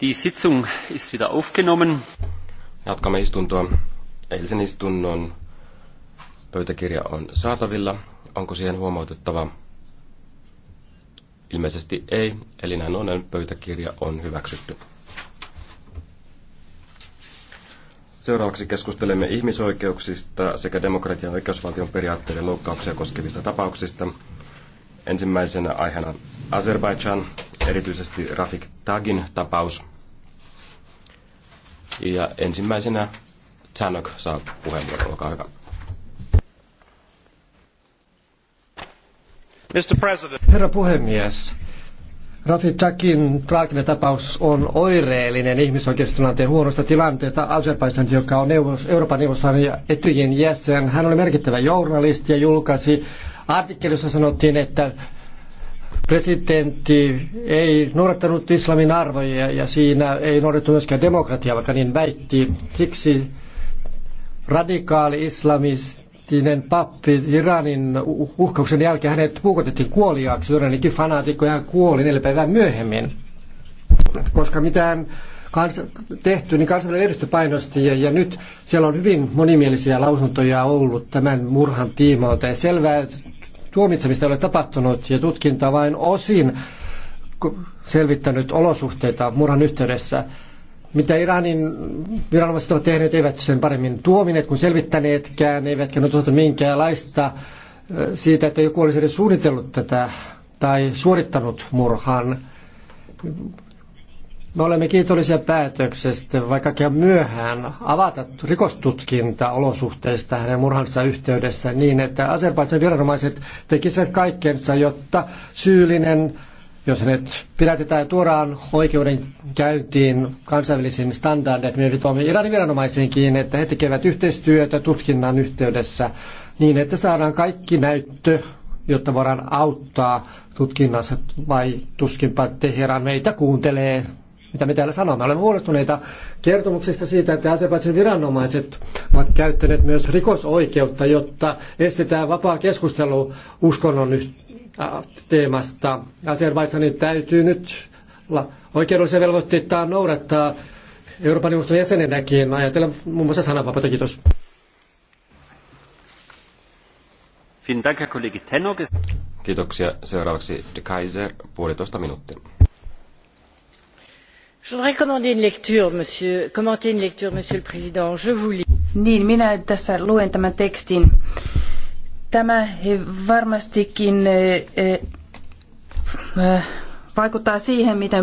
Die Sitzung ist wieder aufgenommen. Jatkamme istuntoa. Eilisen istunnon pöytäkirja on saatavilla. Onko siihen huomautettava? Ilmeisesti ei, eli näin on, pöytäkirja on hyväksytty. Seuraavaksi keskustelemme ihmisoikeuksista sekä demokratian ja oikeusvaltion periaatteiden loukkauksia koskevista tapauksista. Ensimmäisenä aiheena Azerbaijan, erityisesti Rafik Tagin tapaus. Ja ensimmäisenä Tanok saa puheenvuoron, olkaa hyvä. Herra puhemies, Rafi Takin traaginen tapaus on oireellinen ihmisoikeustilanteen huonosta tilanteesta. Azerbaijan, joka on neuvos, Euroopan neuvoston ja Etyjen jäsen, hän oli merkittävä journalisti ja julkaisi artikkelissa sanottiin, että presidentti ei noudattanut islamin arvoja ja siinä ei noudattu myöskään demokratiaa, vaikka niin väitti. Siksi radikaali islamistinen pappi Iranin uhkauksen jälkeen hänet puukotettiin kuoliaaksi, Iranikin fanaatikko ja hän kuoli neljä päivää myöhemmin. Koska mitään kans, tehty, niin kansainvälinen järjestö painosti ja, ja, nyt siellä on hyvin monimielisiä lausuntoja ollut tämän murhan tiimoilta ja selvää tuomitsemista ei ole tapahtunut ja tutkinta vain osin selvittänyt olosuhteita murhan yhteydessä. Mitä Iranin viranomaiset ovat tehneet, eivät sen paremmin tuomineet kuin selvittäneetkään, eivätkä ne tuota minkäänlaista siitä, että joku olisi edes suunnitellut tätä tai suorittanut murhan. Me olemme kiitollisia päätöksestä, vaikkakin myöhään, avata rikostutkinta olosuhteista hänen murhansa yhteydessä niin, että Azerbaidsan viranomaiset tekisivät kaikkensa, jotta syyllinen, jos hänet pidätetään tuodaan oikeudenkäyntiin kansainvälisiin standardeihin, me vetoamme Iranin viranomaisiinkin, että he tekevät yhteistyötä tutkinnan yhteydessä niin, että saadaan kaikki näyttö jotta voidaan auttaa tutkinnassa vai tuskinpa Teheran meitä kuuntelee mitä me täällä sanomme. Olemme huolestuneita kertomuksista siitä, että Azerbaidsin viranomaiset ovat käyttäneet myös rikosoikeutta, jotta estetään vapaa keskustelu uskonnon teemasta. Azerbaidsanin täytyy nyt oikeudellisia velvoitteita noudattaa Euroopan neuvoston jäsenenäkin. Ajatellaan muun muassa sananvapautta. Kiitos. Kiitoksia. Seuraavaksi De Kaiser, puolitoista minuuttia je voudrais commenter une lecture, monsieur le président. Je vous lis. Niin, minä tässä luen tämän tekstin. Tämä varmastikin eh, eh, eh, vaikuttaa siihen, mitä,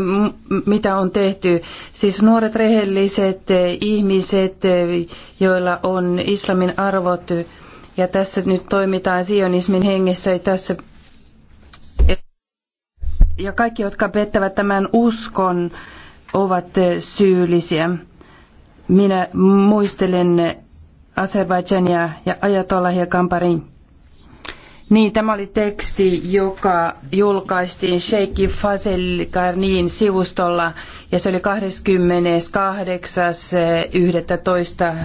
mitä on tehty. Siis nuoret rehelliset ihmiset, joilla on islamin arvot, ja tässä nyt toimitaan sionismin hengessä, ja tässä ja kaikki, jotka pettävät tämän uskon, ovat eh, syyllisiä. Minä muistelen Azerbaidžania ja Ajatollahia Kamparin. Niin, tämä oli teksti, joka julkaistiin Sheikh Fazel Karnin sivustolla ja se oli 28.11.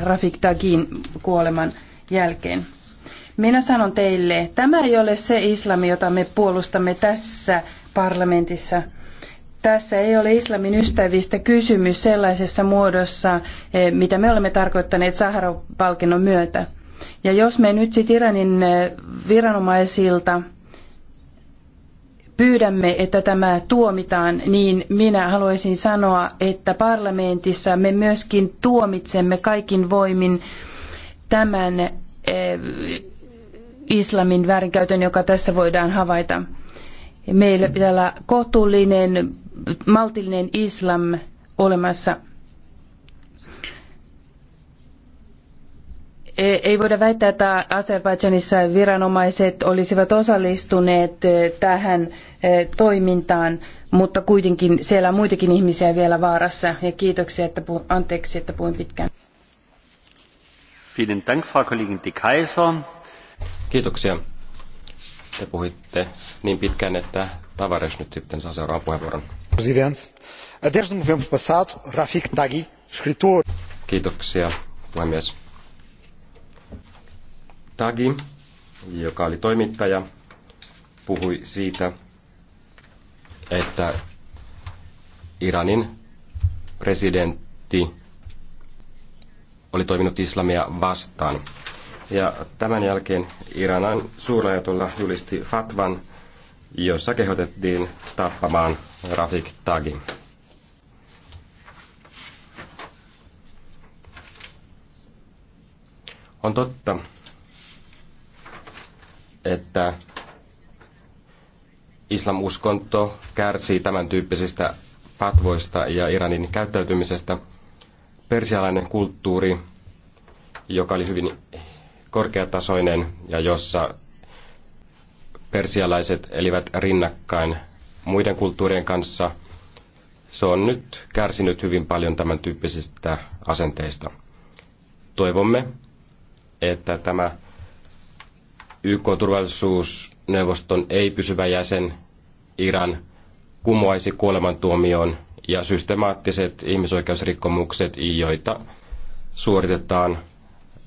Rafik Tagin kuoleman jälkeen. Minä sanon teille, tämä ei ole se islami, jota me puolustamme tässä parlamentissa – tässä ei ole islamin ystävistä kysymys sellaisessa muodossa, eh, mitä me olemme tarkoittaneet Saharov-palkinnon myötä. Ja jos me nyt sitten Iranin eh, viranomaisilta pyydämme, että tämä tuomitaan, niin minä haluaisin sanoa, että parlamentissa me myöskin tuomitsemme kaikin voimin tämän eh, islamin väärinkäytön, joka tässä voidaan havaita. Meillä pitää olla kohtuullinen maltillinen islam olemassa. E, ei voida väittää, että Azerbaidžanissa viranomaiset olisivat osallistuneet e, tähän e, toimintaan, mutta kuitenkin siellä on muitakin ihmisiä vielä vaarassa. Ja kiitoksia, että puh- anteeksi, että puhuin pitkään. Vielen Dank, Frau Kollegin de Kaiser. Kiitoksia. Te puhuitte niin pitkään, että Tavares nyt sitten saa seuraavan puheenvuoron. Rafik Tagi, Kiitoksia, puhemies. Tagi, joka oli toimittaja, puhui siitä, että Iranin presidentti oli toiminut islamia vastaan. Ja tämän jälkeen Iranan suurlähetulta julisti fatvan, jossa kehotettiin tappamaan Rafik Tagin. On totta, että islamuskonto kärsii tämän tyyppisistä fatvoista ja Iranin käyttäytymisestä. Persialainen kulttuuri, joka oli hyvin korkeatasoinen ja jossa persialaiset elivät rinnakkain muiden kulttuurien kanssa. Se on nyt kärsinyt hyvin paljon tämän tyyppisistä asenteista. Toivomme, että tämä YK-turvallisuusneuvoston ei-pysyvä jäsen Iran kumoaisi kuolemantuomioon ja systemaattiset ihmisoikeusrikkomukset, joita suoritetaan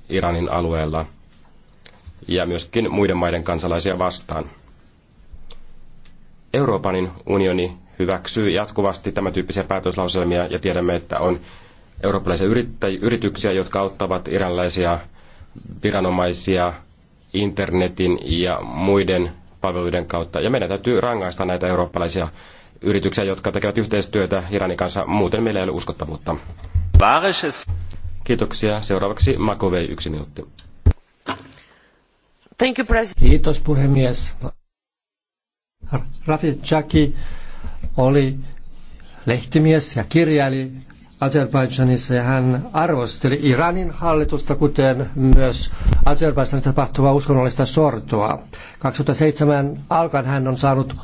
Iranin alueella ja myöskin muiden maiden kansalaisia vastaan. Euroopan unioni hyväksyy jatkuvasti tämän tyyppisiä päätöslauselmia ja tiedämme, että on eurooppalaisia yrityksiä, jotka auttavat iranlaisia viranomaisia internetin ja muiden palveluiden kautta. Ja meidän täytyy rangaista näitä eurooppalaisia yrityksiä, jotka tekevät yhteistyötä Iranin kanssa. Muuten meillä ei ole uskottavuutta. Kiitoksia. Seuraavaksi Makovei yksi minuutti. Thank you, president. Kiitos puhemies. Rafit Chaki oli lehtimies ja kirjaili Azerbaidžanissa ja hän arvosteli Iranin hallitusta, kuten myös Azerbaidžanissa tapahtuvaa uskonnollista sortoa. 2007 alkaen hän on saanut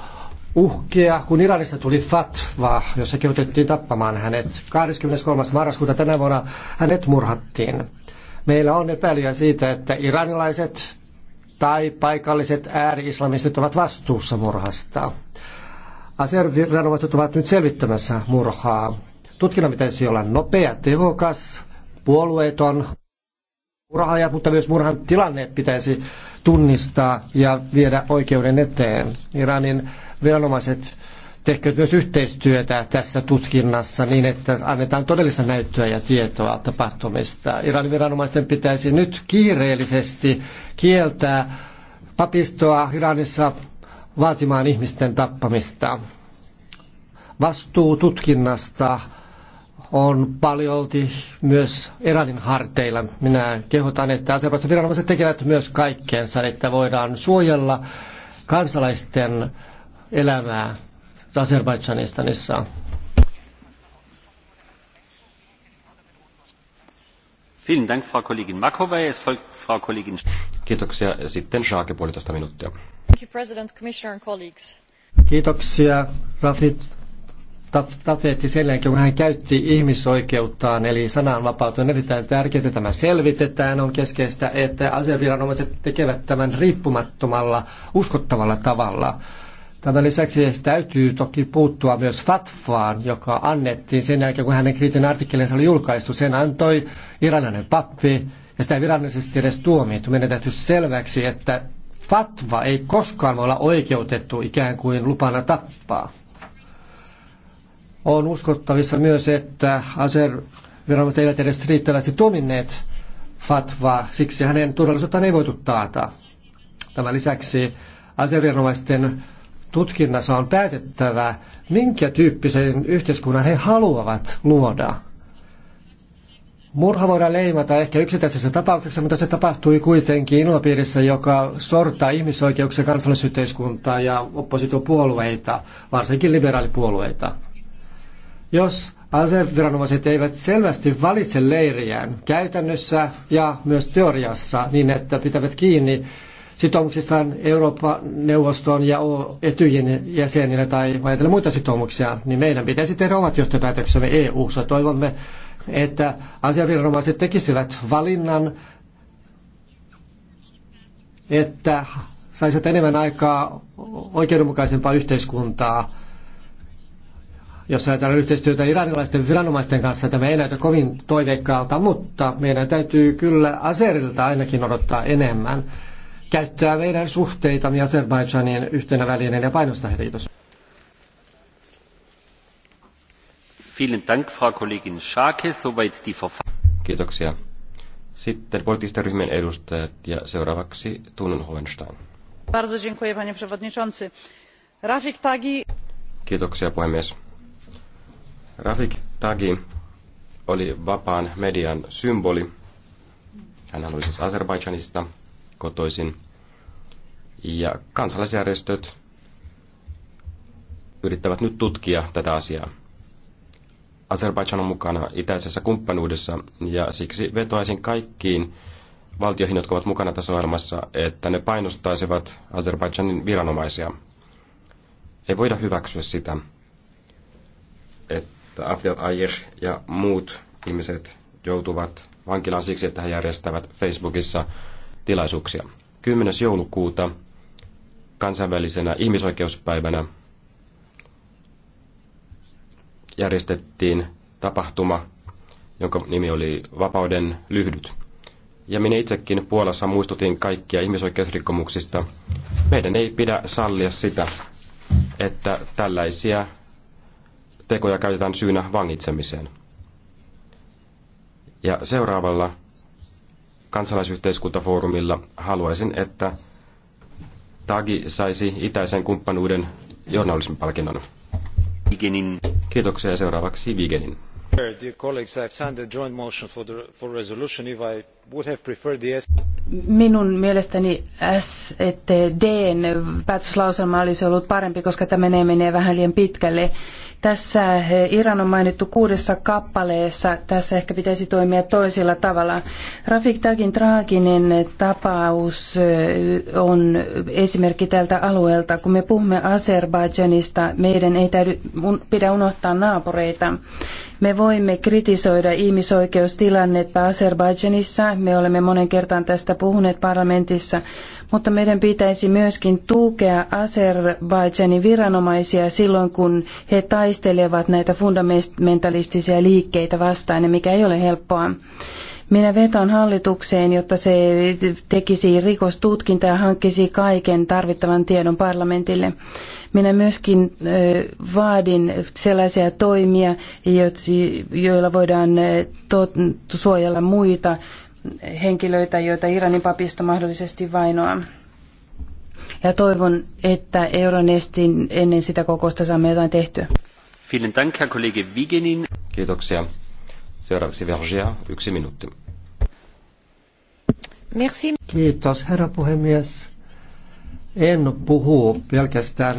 uhkia, kun Iranista tuli fatva, jossa kehotettiin tappamaan hänet. 23. marraskuuta tänä vuonna hänet murhattiin. Meillä on epäilyjä siitä, että iranilaiset tai paikalliset ääri-islamistit ovat vastuussa murhasta. Aserviranomaiset ovat nyt selvittämässä murhaa. Tutkinnan pitäisi olla nopea, tehokas, puolueeton murhaaja, mutta myös murhan tilanne pitäisi tunnistaa ja viedä oikeuden eteen. Iranin viranomaiset tehkö myös yhteistyötä tässä tutkinnassa niin, että annetaan todellista näyttöä ja tietoa tapahtumista. Iranin viranomaisten pitäisi nyt kiireellisesti kieltää papistoa Iranissa vaatimaan ihmisten tappamista. Vastuu tutkinnasta on paljolti myös Iranin harteilla. Minä kehotan, että Azerbaidžan viranomaiset tekevät myös kaikkeensa, että voidaan suojella kansalaisten elämää Azerbaidžanistanissa. Kiitoksia. Sitten Schaake, puolitoista minuuttia. Thank you, President, Commissioner and colleagues. Kiitoksia Rafit Tapetti sen jälkeen, kun hän käytti ihmisoikeuttaan, eli sananvapautta on erittäin tärkeää, että tämä selvitetään. On keskeistä, että aseviranomaiset tekevät tämän riippumattomalla, uskottavalla tavalla. Tämän lisäksi täytyy toki puuttua myös fatfaan, joka annettiin sen jälkeen, kun hänen kriitin artikkelinsa oli julkaistu. Sen antoi iranainen pappi ja sitä ei virallisesti edes tuomittu. Meidän täytyy selväksi, että fatva ei koskaan voi olla oikeutettu ikään kuin lupana tappaa. On uskottavissa myös, että Aser viranomaiset eivät edes riittävästi tuominneet fatvaa, siksi hänen turvallisuuttaan ei voitu taata. Tämän lisäksi aseviranomaisten tutkinnassa on päätettävä, minkä tyyppisen yhteiskunnan he haluavat luoda. Murha voidaan leimata ehkä yksittäisessä tapauksessa, mutta se tapahtui kuitenkin ilmapiirissä, joka sortaa ihmisoikeuksia, kansallisyhteiskuntaa ja oppositiopuolueita, varsinkin liberaalipuolueita. Jos aseviranomaiset eivät selvästi valitse leiriään käytännössä ja myös teoriassa niin, että pitävät kiinni sitoumuksistaan Euroopan neuvoston ja etyjen jäsenille tai ajatella muita sitoumuksia, niin meidän pitäisi tehdä omat johtopäätöksemme EU-ssa. Toivomme, että asiaviranomaiset tekisivät valinnan, että saisivat enemmän aikaa oikeudenmukaisempaa yhteiskuntaa. Jos ajatellaan yhteistyötä iranilaisten viranomaisten kanssa, tämä ei näytä kovin toiveikkaalta, mutta meidän täytyy kyllä aserilta ainakin odottaa enemmän käyttää meidän suhteitamme Azerbaidžanin yhtenä välineenä ja painosta heitä. Kiitos. Kiitoksia. Sitten poliittisten ryhmien edustajat ja seuraavaksi Tunnen Hohenstein. Bardzo dziękuję, panie przewodniczący. Rafik Tagi... Kiitoksia, puhemies. Rafik Tagi oli vapaan median symboli. Hän oli siis Azerbaidžanista kotoisin. Ja kansalaisjärjestöt yrittävät nyt tutkia tätä asiaa. Azerbaidžan on mukana itäisessä kumppanuudessa ja siksi vetoaisin kaikkiin valtioihin, jotka ovat mukana tässä ohjelmassa, että ne painostaisivat Azerbaidžanin viranomaisia. Ei voida hyväksyä sitä, että Afdiat Ayer ja muut ihmiset joutuvat vankilaan siksi, että he järjestävät Facebookissa tilaisuuksia. 10. joulukuuta kansainvälisenä ihmisoikeuspäivänä järjestettiin tapahtuma, jonka nimi oli Vapauden lyhdyt. Ja minä itsekin Puolassa muistutin kaikkia ihmisoikeusrikkomuksista. Meidän ei pidä sallia sitä, että tällaisia tekoja käytetään syynä vangitsemiseen. Ja seuraavalla kansalaisyhteiskuntafoorumilla haluaisin, että Tagi saisi itäisen kumppanuuden journalismin palkinnon. Vigenin. Kiitoksia seuraavaksi Vigenin. Minun mielestäni STDn päätöslauselma olisi ollut parempi, koska tämä menee, menee vähän liian pitkälle. Tässä eh, Iran on mainittu kuudessa kappaleessa. Tässä ehkä pitäisi toimia toisella tavalla. Rafik Tagin traaginen tapaus eh, on esimerkki tältä alueelta. Kun me puhumme Azerbaidžanista, meidän ei täydy, pidä unohtaa naapureita. Me voimme kritisoida ihmisoikeustilannetta Azerbaidžanissa, me olemme monen kertaan tästä puhuneet parlamentissa, mutta meidän pitäisi myöskin tukea Azerbaidžanin viranomaisia silloin, kun he taistelevat näitä fundamentalistisia liikkeitä vastaan, mikä ei ole helppoa. Minä vetoan hallitukseen, jotta se tekisi rikostutkinta ja hankkisi kaiken tarvittavan tiedon parlamentille. Minä myöskin vaadin sellaisia toimia, joilla voidaan suojella muita henkilöitä, joita Iranin papisto mahdollisesti vainoaa. Ja toivon, että Euronestin ennen sitä kokousta saamme jotain tehtyä. Vielen Dank, Herr Wigenin. Kiitoksia. Seuraavaksi Vergia, yksi minuutti. Merci. Kiitos, herra puhemies en puhu pelkästään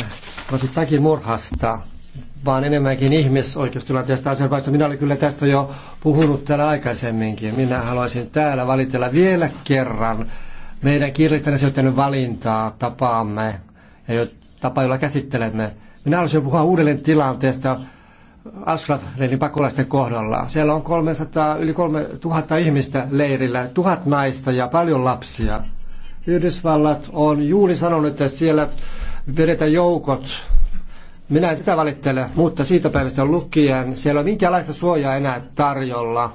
rasittakin murhasta, vaan enemmänkin ihmisoikeustilanteesta Azerbaidžanissa. Minä olen kyllä tästä jo puhunut täällä aikaisemminkin. Minä haluaisin täällä valitella vielä kerran meidän kiireisten asioiden valintaa, tapaamme ja jo, tapa, jolla käsittelemme. Minä haluaisin puhua uudelleen tilanteesta Ashraf-leirin pakolaisten kohdalla. Siellä on 300, yli 3000 ihmistä leirillä, tuhat naista ja paljon lapsia. Yhdysvallat on juuri sanonut, että siellä vedetään joukot. Minä en sitä valittele, mutta siitä päivästä lukien siellä on minkäänlaista suojaa enää tarjolla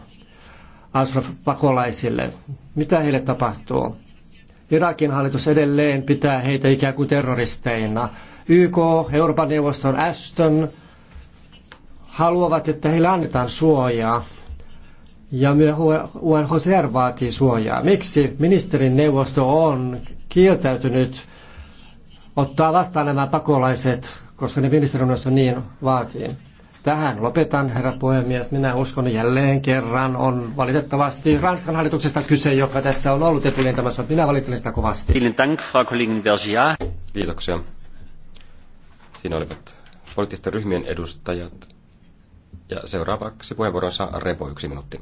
Ashraf-pakolaisille. Mitä heille tapahtuu? Irakin hallitus edelleen pitää heitä ikään kuin terroristeina. YK, Euroopan neuvoston Aston haluavat, että heille annetaan suojaa ja myös UNHCR vaatii suojaa. Miksi ministerin neuvosto on kieltäytynyt ottaa vastaan nämä pakolaiset, koska ne ministerin neuvosto niin vaatii? Tähän lopetan, herra puhemies. Minä uskon jälleen kerran on valitettavasti Ranskan hallituksesta kyse, joka tässä on ollut etulintamassa. Minä valittelen sitä kovasti. Kiitoksia. Siinä olivat poliittisten ryhmien edustajat. Ja seuraavaksi puheenvuoronsa Repo yksi minuutti.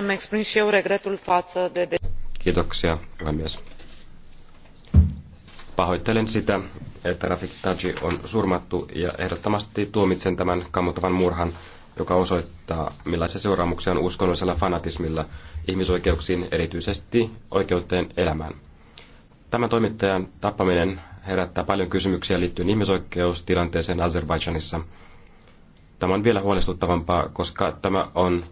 îmi exprim și eu regretul față de... Kiitoksia, puhemies. Pahoittelen sitä, että Rafik Taji on surmattu ja ehdottomasti tuomitsen tämän kammottavan murhan, joka osoittaa, millaisia seuraamuksia on uskonnollisella fanatismilla ihmisoikeuksiin, erityisesti oikeuteen elämään. Tämän toimittajan tappaminen herättää paljon kysymyksiä liittyen ihmisoikeustilanteeseen Azerbaidžanissa. Tämä on vielä huolestuttavampaa, koska tämä on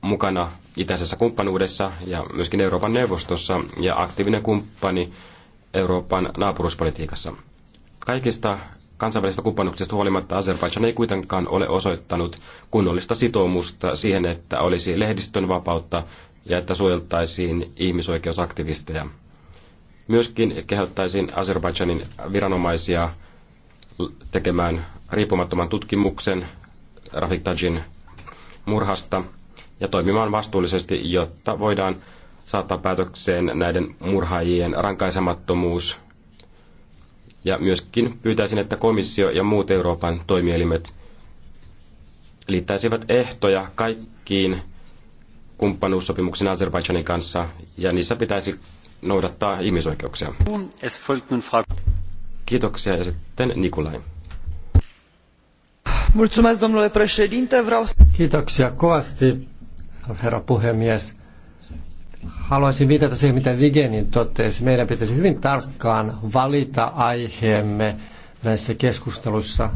mukana itäisessä kumppanuudessa ja myöskin Euroopan neuvostossa ja aktiivinen kumppani Euroopan naapuruspolitiikassa. Kaikista kansainvälisistä kumppanuuksista huolimatta Azerbaijan ei kuitenkaan ole osoittanut kunnollista sitoumusta siihen, että olisi lehdistön vapautta ja että suojeltaisiin ihmisoikeusaktivisteja. Myöskin kehottaisin Azerbaidžanin viranomaisia tekemään riippumattoman tutkimuksen Rafik Tajin murhasta – ja toimimaan vastuullisesti, jotta voidaan saattaa päätökseen näiden murhaajien rankaisemattomuus. Ja myöskin pyytäisin, että komissio ja muut Euroopan toimielimet liittäisivät ehtoja kaikkiin kumppanuussopimuksiin Azerbaidžanin kanssa, ja niissä pitäisi noudattaa ihmisoikeuksia. Kiitoksia, ja sitten Nikolai. Kiitoksia kovasti, herra puhemies. Haluaisin viitata siihen, mitä Vigenin totesi. Meidän pitäisi hyvin tarkkaan valita aiheemme näissä keskusteluissa.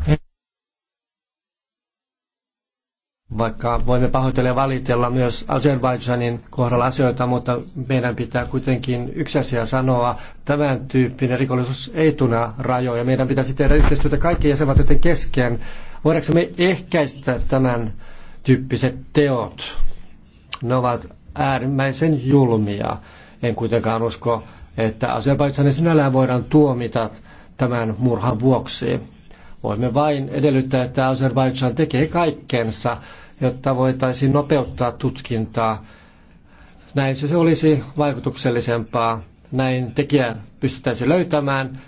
Vaikka voimme pahoitella ja valitella myös Azerbaidžanin kohdalla asioita, mutta meidän pitää kuitenkin yksi asia sanoa, tämän tyyppinen rikollisuus ei tunne rajoja. Meidän pitäisi tehdä yhteistyötä kaikkien jäsenvaltioiden kesken. Voidaanko me ehkäistä tämän tyyppiset teot? Ne ovat äärimmäisen julmia. En kuitenkaan usko, että Azerbaidsanin sinällään voidaan tuomita tämän murhan vuoksi. Voimme vain edellyttää, että Azerbaidsan tekee kaikkensa, jotta voitaisiin nopeuttaa tutkintaa. Näin se olisi vaikutuksellisempaa. Näin tekijä pystyttäisiin löytämään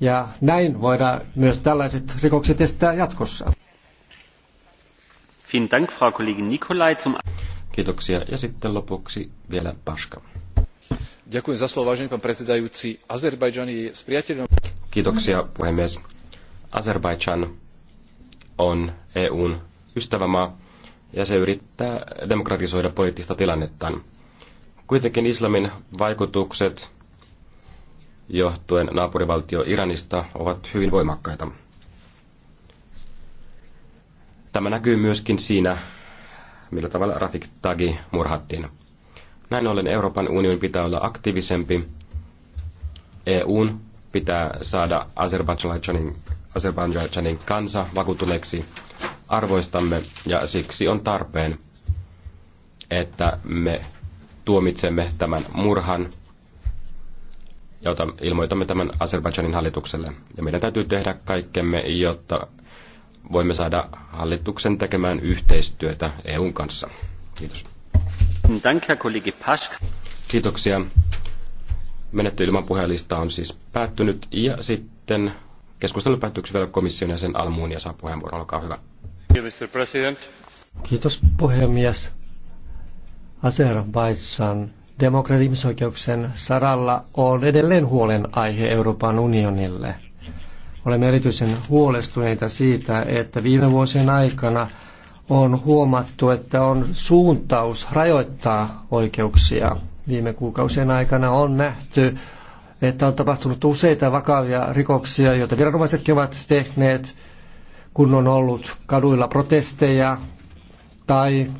ja näin voidaan myös tällaiset rikokset estää jatkossa. Kiitoksia. Ja sitten lopuksi vielä Paska. Ďakujem za slovo, vážený pán predsedajúci. Azerbajdžan je Kiitoksia, puhemies. Azerbaidžan on EUn ystävämaa ja se yrittää demokratisoida poliittista tilannettaan. Kuitenkin islamin vaikutukset johtuen naapurivaltio Iranista ovat hyvin voimakkaita. Tämä näkyy myöskin siinä, millä tavalla Rafik Tagi murhattiin. Näin ollen Euroopan unionin pitää olla aktiivisempi. EUn pitää saada Azerbaidžanin, Azerbaijanin kansa vakuutuneeksi, arvoistamme ja siksi on tarpeen, että me tuomitsemme tämän murhan ja ilmoitamme tämän Azerbaidžanin hallitukselle. Ja meidän täytyy tehdä kaikkemme, jotta voimme saada hallituksen tekemään yhteistyötä EUn kanssa. Kiitos. Kiitoksia. Menettely ilman puheenlista on siis päättynyt ja sitten keskustelu päättyy vielä komission jäsen Almuun saa puheenvuoron. Olkaa hyvä. Kiitos puhemies. Azerbaidsan demokratiimisoikeuksien saralla on edelleen huolenaihe Euroopan unionille – Olemme erityisen huolestuneita siitä, että viime vuosien aikana on huomattu, että on suuntaus rajoittaa oikeuksia. Viime kuukausien aikana on nähty, että on tapahtunut useita vakavia rikoksia, joita viranomaisetkin ovat tehneet, kun on ollut kaduilla protesteja tai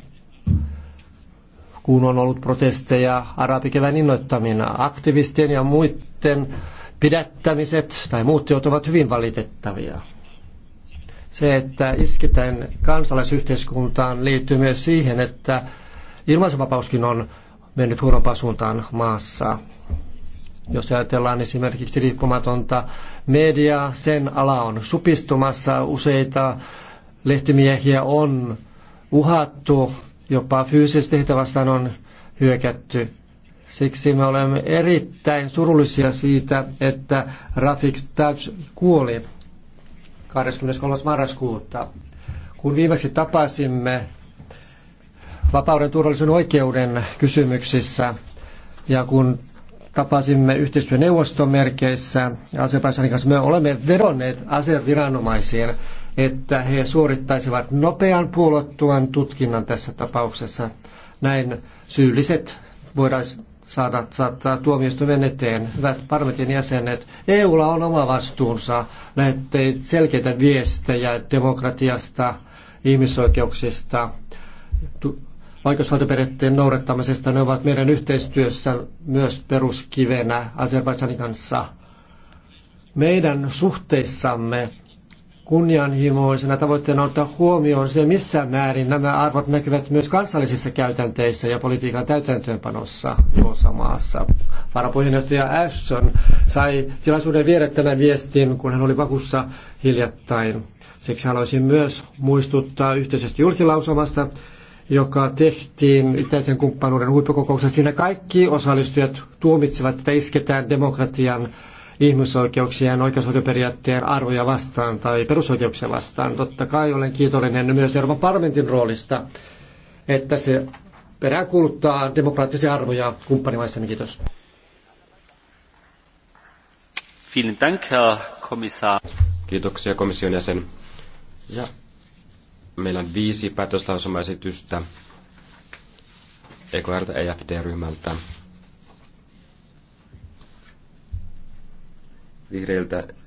kun on ollut protesteja arabikevään innoittamina aktivistien ja muiden pidättämiset tai muut teot ovat hyvin valitettavia. Se, että isketään kansalaisyhteiskuntaan, liittyy myös siihen, että ilmaisuvapauskin on mennyt huonompaan suuntaan maassa. Jos ajatellaan esimerkiksi riippumatonta mediaa, sen ala on supistumassa, useita lehtimiehiä on uhattu, jopa fyysisesti heitä vastaan on hyökätty. Siksi me olemme erittäin surullisia siitä, että Rafik Tabs kuoli 23. marraskuuta. Kun viimeksi tapasimme vapauden, turvallisuuden, oikeuden kysymyksissä ja kun tapasimme yhteistyöneuvoston merkeissä Azerbaijanin kanssa, me olemme vedonneet viranomaisiin, että he suorittaisivat nopean puolottuvan tutkinnan tässä tapauksessa. Näin syylliset voidaan saada, saada tuomioistuimen eteen. Hyvät parlamentin jäsenet, EUlla on oma vastuunsa näette selkeitä viestejä demokratiasta, ihmisoikeuksista, oikeusvaltioperiaatteen noudattamisesta. Ne ovat meidän yhteistyössä myös peruskivenä Azerbaidžanin kanssa. Meidän suhteissamme kunnianhimoisena tavoitteena ottaa huomioon se, missä määrin nämä arvot näkyvät myös kansallisissa käytänteissä ja politiikan täytäntöönpanossa tuossa maassa. Varapuheenjohtaja Ashton sai tilaisuuden viedä tämän viestin, kun hän oli vakuussa hiljattain. Siksi haluaisin myös muistuttaa yhteisestä julkilausumasta, joka tehtiin itäisen kumppanuuden huippukokouksessa. Siinä kaikki osallistujat tuomitsivat, että isketään demokratian ihmisoikeuksien ja oikeusvaltioperiaatteen arvoja vastaan tai perusoikeuksia vastaan. Totta kai olen kiitollinen myös Euroopan parlamentin roolista, että se peräänkuuluttaa demokraattisia arvoja kumppanimaissamme. Kiitos. Vielen Dank, Herr Kommissar. Kiitoksia komission jäsen. Ja meillä on viisi päätöslausumaesitystä EKR- EFD-ryhmältä. vihreiltä